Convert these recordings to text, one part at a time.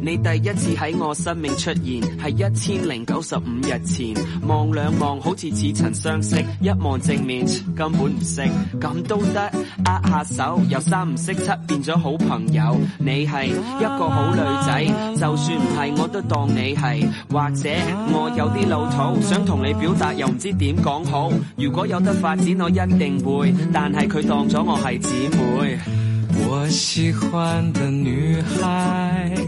你第一次喺我生命出現，係一千零九十五日前。望兩望好似似曾相識，一望正面根本唔識，咁都得。握下手由三唔識七變咗好朋友。你係一個好女仔，啊、就算唔係我都當你係。或者我有啲老土，想同你表達又唔知點講好。如果有得發展，我一定會。但係佢當咗我係姊妹。我喜歡的女孩。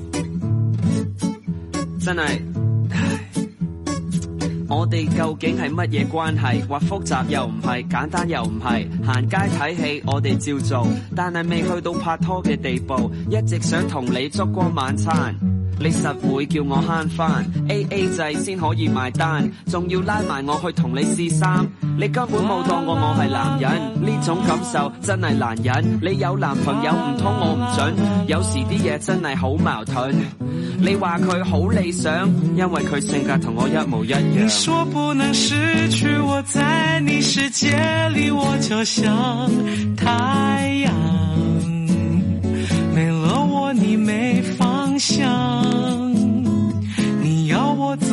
真係，我哋究竟係乜嘢關係？或複雜又唔係，簡單又唔係。行街睇戲，我哋照做，但係未去到拍拖嘅地步。一直想同你燭光晚餐。你實會叫我慳翻，A A 制先可以埋單，仲要拉埋我去同你試衫，你根本冇當過我係男人，呢種感受真係難忍。你有男朋友唔通我唔准？有時啲嘢真係好矛盾。你話佢好理想，因為佢性格同我一模一樣。你說不能失去我，在你世界裏我就像太陽，沒了我你沒方向。